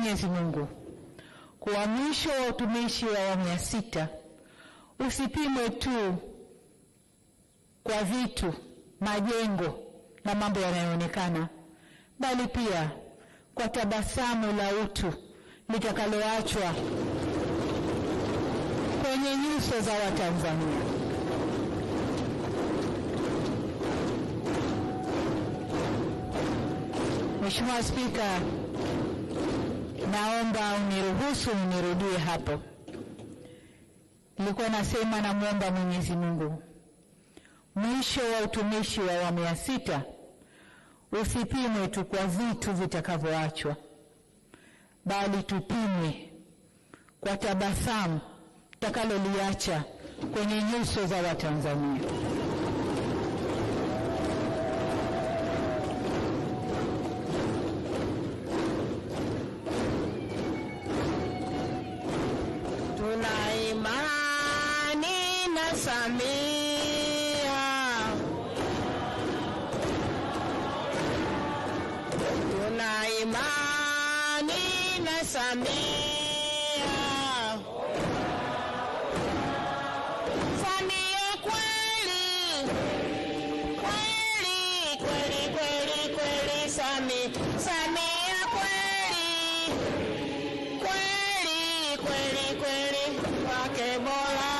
Mwenyezi Mungu kuwa mwisho wa utumishi wa awamu ya sita usipimwe tu kwa vitu, majengo na mambo yanayoonekana, bali pia kwa tabasamu la utu litakaloachwa kwenye nyuso za Watanzania. Mheshimiwa Spika, Naomba uniruhusu nirudie hapo. Nilikuwa nasema namwomba Mwenyezi Mungu mwisho wa utumishi wa awamu ya sita usipimwe tu kwa vitu vitakavyoachwa, bali tupimwe kwa tabasamu takaloliacha kwenye nyuso za Watanzania. Samia, tuna imani na Samia. Samia kweli kweli kweli kweli kweli, Samia Samia kweli kweli kweli kweli, wake bora